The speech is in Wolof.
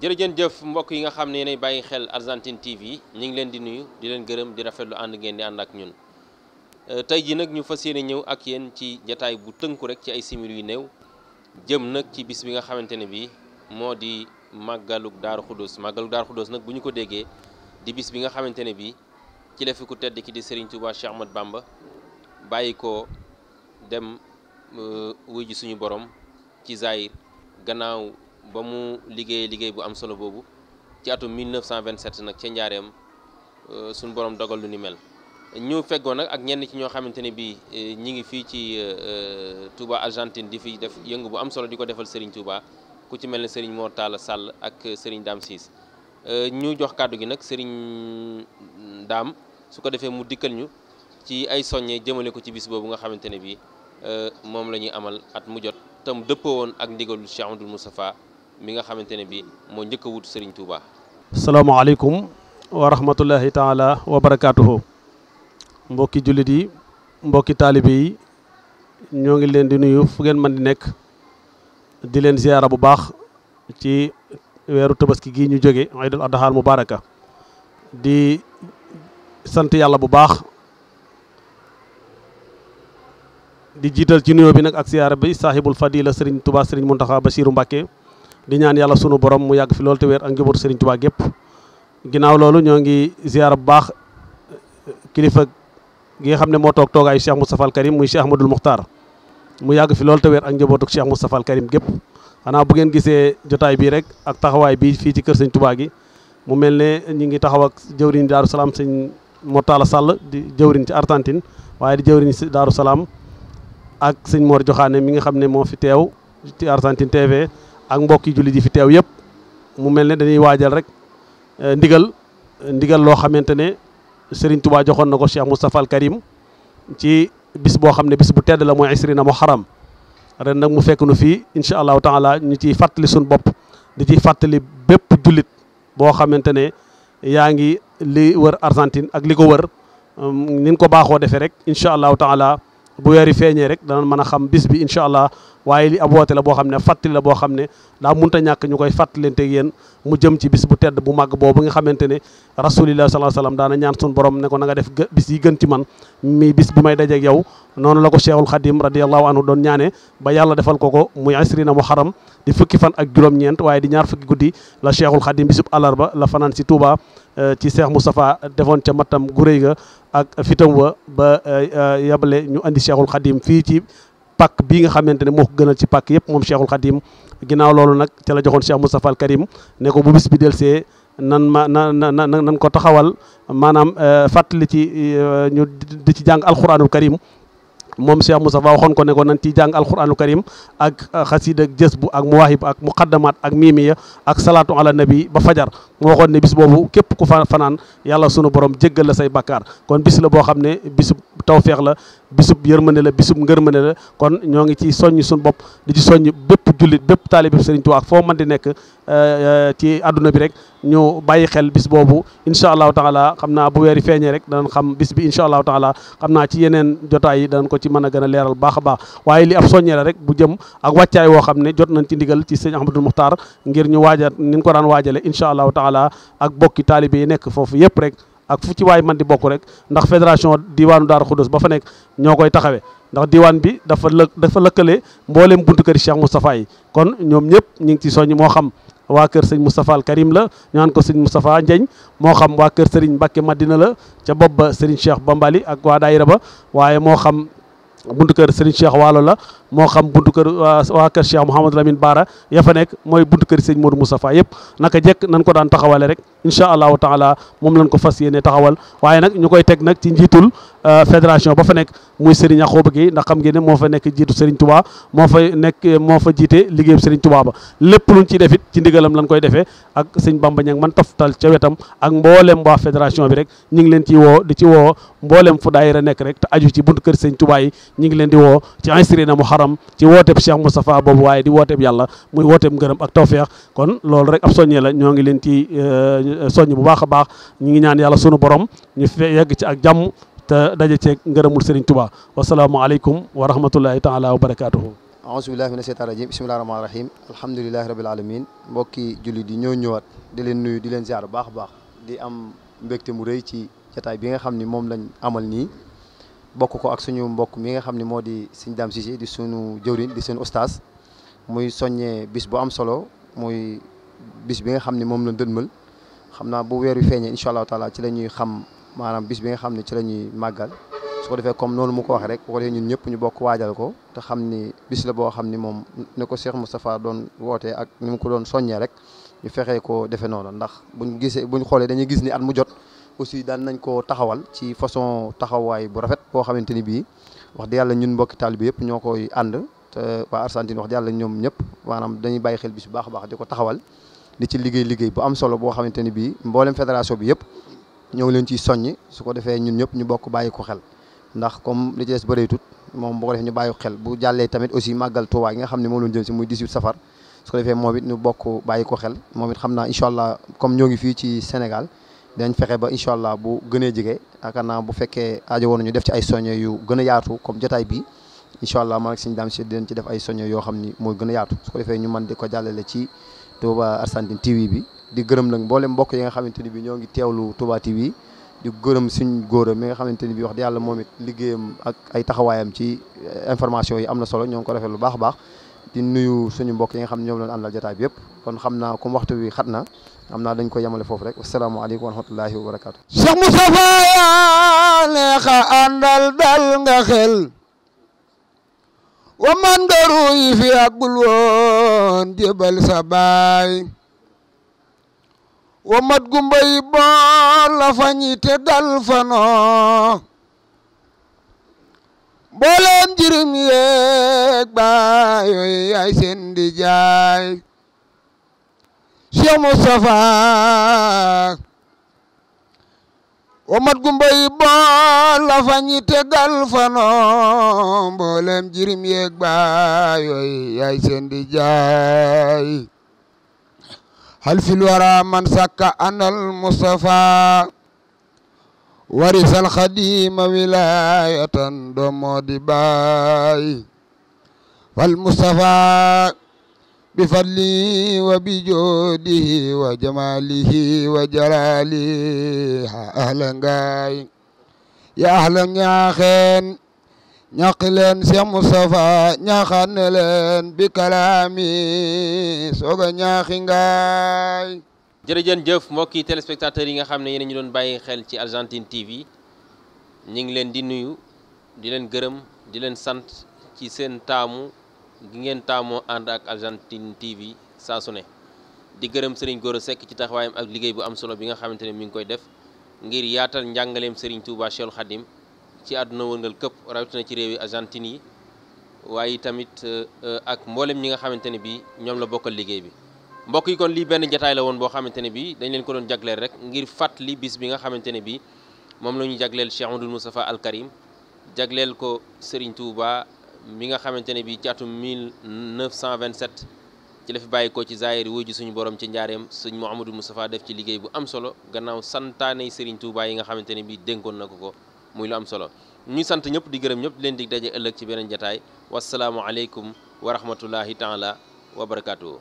jërëjën jëf mbokk yi nga xam ne yéenay bàyyi xel Argentine TV ñu ngi leen di nuyu di leen gërëm di rafetlu ànd ngeen di ànd ak ñun euh, tey ji nag ñu fas yéene ñëw ak yéen ci jataay bu tënku rek ci ay simili yu néew jëm nag ci bis bi nga xamante ne bii moo di màggalug daaru xudus màggalug daaru xudus nag bu ñu ko déggee di bis bi nga xamante ne bii ci la fi ku tedd ki di Serigne Touba Cheikh Ahmad Bamba bàyyi ko dem euh, wuy suñu boroom ci Zahir gannaaw. ba mu liggéeyee liggéey bu am solo boobu ci atum 1927 nag ca njaareem euh, suñu borom dogal lu ni mel ñu feggoo nag ak ñenn ci ñoo xamante ne bii euh, ñi ngi fii ci euh, Touba Argentine di fi def yëngu bu am solo di ko defal Serigne Touba ku ci mel ne Serigne Mor Talla Sall ak Serigne Dame Cisse ñu jox kàddu gi nag Serigne daam su ko defee mu dikkal ñu ci ay soññe jëmale ko ci bis boobu nga xamante ne bii moom la ñuy amal at mu jot tam dëppoo woon ak ndigalu Cheikh Amadou mi nga xamante ne bii moo njëkk a wut sëriñ Touba. salaamaaleykum wa rahmatullahi taala wa mbokki jullit yi mbokki taalibe yi ñoo ngi leen di nuyu fu ngeen mën di nekk di leen ziyaara bu baax ci weeru tabaski gi ñu jóge Aïdul Adha mubaaraka di sant yàlla bu baax di jiital ci nuyoo bi nag ak ziyaara bi saahibul fadila sëriñ Touba sëriñ Muntaxa Basiiru Mbàkke di ñaan yàlla sunu borom mu yàgg fi loolu te wéer ak njabootu Serigne Touba gépp ginnaaw loolu ñoo ngi ziar bu baax eh, kilifa gi nga xam ne moo toog toogaayu Cheikh Moustapha al Karim muy Cheikh Ahmadoul Moukhtar mu yàgg fi loolu te wéer ak njabootu Karim gépp xanaa bu ngeen gisee jotaay bii rek ak taxawaay bii fii ci kër Serigne tubaa gi mu mel ne ñu ngi taxaw ak jëwriñ Daaru Salaam Serigne Mortala sàll di jëwriñ ci Argentine waaye di jëwriñ ci Daaru Salaam ak Serigne moor Joxaane mi nga xam ne moo fi teew ci Argentine TV ak mbokki jullit yi fi teew yëpp mu mel ne dañuy waajal rek euh, ndigal ndigal loo xamante ne Serigne Touba joxoon na ko Cheikh Moustapha al ci bis boo xam ne bis bu tedd la mooy isrina muharram ren nag mu fekk nu fii incha allahu taala ñu ciy fàttali suñu bopp di ciy fàttali bépp jullit boo xamante ne yaa ngi li wër Argentine ak li ko wër um, ni ñu ko baaxoo defee rek incha allahu taala bu weeri feeñee rek dana mën a xam bis bi incha allah waaye li ab woote la boo xam ne fàttali la boo xam ne daa ta ñàkk ñu koy fàttalante ak yéen mu jëm ci bis bu tedd bu màgg boobu nga xamante ne rasulillah sallallahu alayhi wasallam daana ñaan sun borom ne ko na nga def bis yi gën ci man mi bis bi may dajeeg yow noonu la ko cheikhul xadim radiallahu anhu doon ñaane ba yàlla defal ko ko mu muy asrina muharram di fukki fan ak juróom-ñeent waaye di ñaar fukki guddi la cheikhul xadim bisub ba la fanaan si Touba euh, ci Cheikh Moustapha defoon ca mattam gu réy ga ak fitam wa ba euh, euh, yabale ñu andi cheikhul xadim fii ci pàkk bii nga xamante ne moo ko gënal ci pàkk yëpp moom Cheikhul Khadim ginnaaw loolu nag ca la joxoon Cheikh Moustapha al ne ko bu bis bi delsee nan ma na na nan ko taxawal maanaam euh, fàttali ci euh, ñu di ci jàng alxuraanul karim moom Cheikh Moustapha waxoon ko ne ko nan ciy jàng alxuraanul karim ak euh, xasiid ak jës bu ak muwaahib ak muqaddamaat ak miimiya ak salaatu ala nabi ba fajar moo waxoon ne bis boobu képp ku fa fanaan yàlla sunu borom jéggal la say bakkaar kon bis la feex la bisub yërmande la bisub ngërmande la kon ñoo ngi ci soññ suñu bopp di ci soññ bépp jullit bépp taalibe Serigne Touba foo man di nekk euh, euh, ci àdduna bi rek ñu bàyyi xel bis boobu incha allahu taala xam naa bu weeri feeñee rek danañ xam bis bi incha allahu taala xam naa ci yeneen jotaay yi danañ ko ci mën a gën a leeral baax baax waaye li ab soññee la rek bu jëm ak wàccaay woo xam ne jot nañ ci ndigal ci sëñ Ahmadul Muxtaar ngir ñu waajaat ni ñu ko daan waajale incha allahu taala ak bokki taalibe yi nekk foofu yëpp rek ak fu ci waay man di bokk rek ndax fédération diwaanu Daaru Xudoos ba fa nekk ñoo koy taxawee ndax diwaan bi dafa lë dafa lëkkale mboolem buntu kër Cheikh Moustapha yi kon ñoom ñëpp ñu ngi ci soññ moo xam waa kër sëñ Moustapha al Karim la ñu ko sëñ Moustapha Ndiagne moo xam waa kër Serigne Mbacke Madina la ca bopp ba Serigne ba mbali ak waa daayira ba waaye moo xam buntu kër Serigne Cheikh Waalo la moo xam buntu kër waa kër Cheikh Mouhamadou Lamine Baara ya fa nekk mooy buntu kër sëñ Modou Moustapha yëpp naka jekk nan ko daan taxawale rek incha allahu taala moom lañ ko fas yéene taxawal waaye nag ñu koy teg nag ci njiitul euh, fédération ba fa nekk muy a Yaxooba gi ndax xam ngeen ne moo fa nekk jiitu Serigne Touba moo fa nekk moo fa jiite liggéeyam Serigne tubaa ba lépp luñ ciy defit ci ndigalam lañ koy defee ak sëñ ba Ñang man toftal ca wetam ak mboolem waa fédération bi rek ñu ngi leen ci woo di ci woo mboolem fu daayira nekk rek te aju ci buntu kër Serigne ñu ngi leen di woo ci inscrire xaram ci wooteeb Cheikh Moustapha boobu waaye di wooteeb yàlla muy wooteeb ngërëm ak tawféex kon loolu rek ab soññe la ñoo ngi leen ci euh, soññ bu baax a baax ñu ngi ñaan yàlla sunu borom ñu fe yegg ci ak jàmm te daje ceeg ngërëmul Serigne Touba wasalaamualeykum wa rahmatullahi taala wa barakatuhu ahousubillahi mina sheytaan rajim bismillahi rahmaani rahim alhamdulilahi rabil alamin mbokki julli di ñoo ñëwaat di leen nuyu di leen ziar bu a baax di am mbégte mu rëy ci jataay bi nga xam ni moom lañ amal nii bokk ko ak suñu mbokk mi nga xam ne moo di Sëñ Dame Cissé di suñu jëwriñ di seen ostaas muy soññee bis bu am solo muy bis bi nga xam ni moom la dënmal xam naa bu weer wi feeñee incha allahu taala ci la ñuy xam maanaam bis bi nga xam ne ci la ñuy màggal su ko defee comme noonu mu ko waxee rek bu ko defee ñun ñëpp ñu bokk waajal ko te xam ni bis la boo xam ni moom ni ko Cheikh Moustapha doon wootee ak ni mu ko doon soññee rek ñu fexee ko defee noonu ndax buñ gisee buñ xoolee dañuy gis ni at mu jot aussi daan nañ ko taxawal ci façon taxawaay bu rafet boo xamante ni bii wax di yàlla ñun mbokki taalibe yëpp ñoo koy ànd te waa Argentine wax di yàlla ñoom ñëpp maanaam dañuy bàyyi xel bi su baax a baax di ko taxawal di ci liggéey liggéey bu am solo boo xamante ni bii mboolem fédération bi yëpp ñoo leen ciy soññ su ko defee ñun ñëpp ñu bokk bàyyi ko xel ndax comme li ci des bëreetut moom bu ñu bàyyi xel bu jàllee tamit aussi màggal Tuubaa gi nga xam ne moom lañ si muy 18 safar su ko it ñu bokk bàyyi ko xel moom it xam naa incha allah comme ñoo ngi fii ci Sénégal dañ fexe ba incha allah bu gënee jige yaakaar naa bu fekkee aajo woon ñu def ci ay soñe yu gën yaatu comme jotaay bi incha allah maa ngi siñ daam si def ay soñe yoo xam ni mooy gën yaatu su ko defee ñu man di ko jàllale ci Touba Argentine TV bi di gërëm nag mboolem mbokk yi nga xamante ni bi ñoo ngi teewlu Touba TV di gërëm suñ góora mi nga xamante ni bi wax di yàlla moom it liggéeyam ak ay taxawaayam ci eh, information yi am na solo ñoo ngi ko refee lu baax a baax di nuyu suñu mbokk yi xam ne ñoom la ñu àndal jotaay bi kon xam na comme waxtu wi xat na am naa dañ ko yamale foofu rek wasalaamaaleykum wa rahmatullahi wa barakaatu. Cheikh Moustapha yaa neexa àndal dal nga xel wa man nga ruy fi àggul woon jébal sa baay wa mat gumba yi boor la fañi te dal fanoo mboolem jirim yeeg baa yooyu ay jaay Cheikh Moustapha wamat gumbay bool la fa ñi tegal fanom mboolem jirim yeeg baa yooyu ay jaay hal fil wara man sakka anal Moustapha warisal xadima wilayatan do moo di baay fal mustafa bi fadli wa bi wa jamalihi wa jalali ahlan ngaay ya ahlan ñaaxeen ñaq leen Seex Mustafa ñaaxaan leen bi kalaami soga ñaaxi ngaay jërëjën jëf mbokki téléspectateurs yi nga xam ne yéen ñu doon bàyyi xel ci Argentine TV ñu ngi leen di nuyu di leen gërëm di leen sant ci seen taamu gi ngeen taamoo ànd ak Argentine TV saa su ne di gërëm Serigne Gora sekk ci taxawaayam ak liggéey bu am solo bi nga xamante ne mi ngi koy def ngir yaatal njàngaleem Serigne Touba Cheikhoul Khadim ci àdduna wërngal këpp rawatina ci réewi Argentine yi waaye tamit euh, ak mboolem ñi nga xamante ne bi ñoom la bokkal liggéey bi mbokk yi kon lii benn jataay la woon boo xamante ne bii dañ leen ko doon jagleel rek ngir fàttali bis bi nga xamante ne bii moom la ñu jagleel Cheikh Amadou Moustapha Al Karim jagleel ko Serigne Touba mi nga xamante ne bii ci atum 1927 ci la fi bàyyi ko ci zaahir wuyu ji suñu borom ci njaareem suñ Mouhamadou Moustapha def ci liggéey bu am solo gannaaw santaane Serigne Touba yi nga xamante ne bii dénkoon na ko ko muy lu am solo ñu sant ñëpp di gërëm ñëpp leen di daje ëllëg ci beneen jataay wasalaamualeykum wa rahmatullahi taala wa barakaatu.